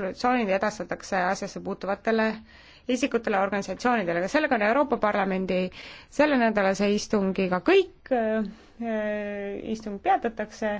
resolutsioonid edastatakse asjasse puutuvatele isikutele, organisatsioonidele, aga sellega on Euroopa Parlamendi sellenädalase istungiga kõik, äh, äh, istung peatatakse